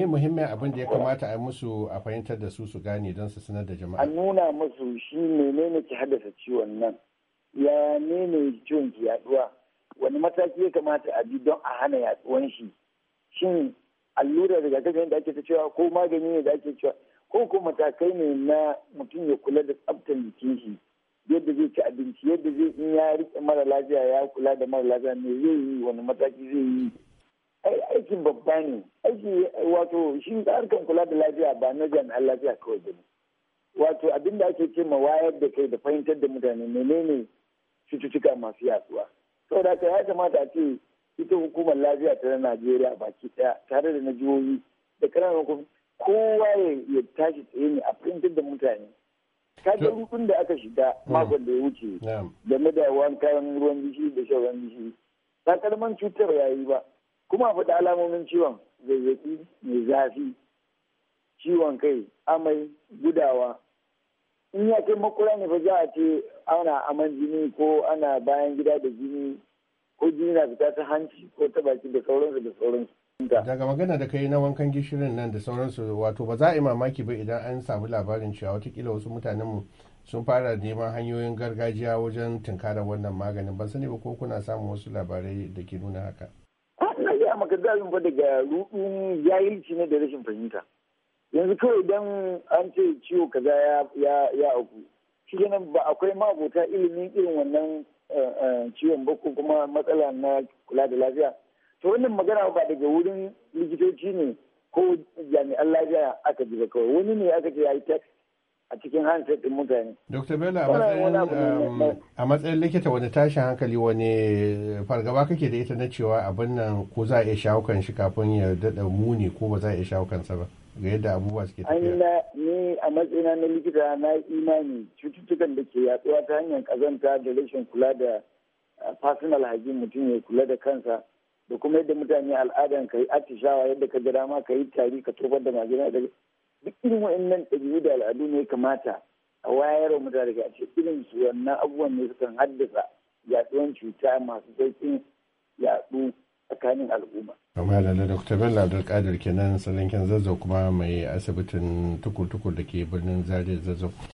me muhimmin abin da ya kamata a yi musu a fahimtar da su su gane don su sanar da jama'a a nuna musu shi menene ke haddasa ciwon nan ya ne ciwon ki yaduwa wani mataki ya kamata a bi don a hana yaduwan shi shin daga rigakafin da ake ta cewa ko magani ne da ake cewa ko ko matakai ne na mutum ya kula da tsabtan jikin shi yadda zai ci abinci yadda zai in ya rike mara lafiya ya kula da mara lafiya ne zai yi wani mataki zai yi aikin babba ne aiki wato shi harkar kula da lafiya ba na jami'an lafiya kawai ba ne wato abinda ake ce ma wayar da kai da fahimtar da mutane menene cututtuka masu yaduwa saboda haka ya kamata a ce ita hukumar lafiya ta najeriya baki daya tare da na jihohi da ƙananan kowa ya tashi tsaye ne a fahimtar da mutane ka ga rukun da aka shiga hmm. makon da ya wuce game da wankan ruwan gishiri da shan ruwan ba takalman cutar yayi ba kuma a faɗi alamomin ciwon zazzaɓi mai zafi ciwon kai amai gudawa in ya kai makura ne fa za a ce ana aman jini ko ana bayan gida da jini ko jini na fita ta hanci ko ta baki da sauransu da sauransu daga magana da kai na wankan gishirin nan da sauransu wato ba za a yi mamaki ba idan an samu labarin cewa watakila wasu mutanenmu sun fara neman hanyoyin gargajiya wajen tunkarar wannan maganin ban sani ba ko kuna samun wasu labarai da ke nuna haka dama ka fa daga rudin jahilci ne da rashin fahimta yanzu kawai idan an ce ciwo kaza ya auku shi ba akwai mabota ilimin irin wannan eh, eh, ciwon ba ko kuma matsala na kula da lafiya to wannan magana ba daga wurin likitoci ne ko jami'an lafiya aka ji ba kawai wani ne aka ce ya yi a cikin handset mutane. Dr. Bello um, a matsayin likita wani tashin hankali wani fargaba kake da ita na cewa abin nan ko za a iya shawo kan shi kafin ya daɗa muni ko ba za a iya shawo kansa ba ga yadda abubuwa suke tafiya. ni a matsayina na likita na imani cututtukan da ke yaduwa ta hanyar kazanta da rashin kula da uh, personal hygiene mutum ya kula da kansa da kuma yadda mutane al'adan ka yi atishawa yadda ka jira ma ka yi tari ka tofar da majina duk irin wa'annan ɗabi'u da al'adu ne kamata a wayar mutane a ce irin su wannan abubuwan ne sukan haddasa yaɗuwan cuta masu sauƙin yaɗu tsakanin al'umma. da na Dr. Bello Abdulkadir kenan salinkin zazzau kuma mai asibitin tukur-tukur da ke birnin Zaria zazzau.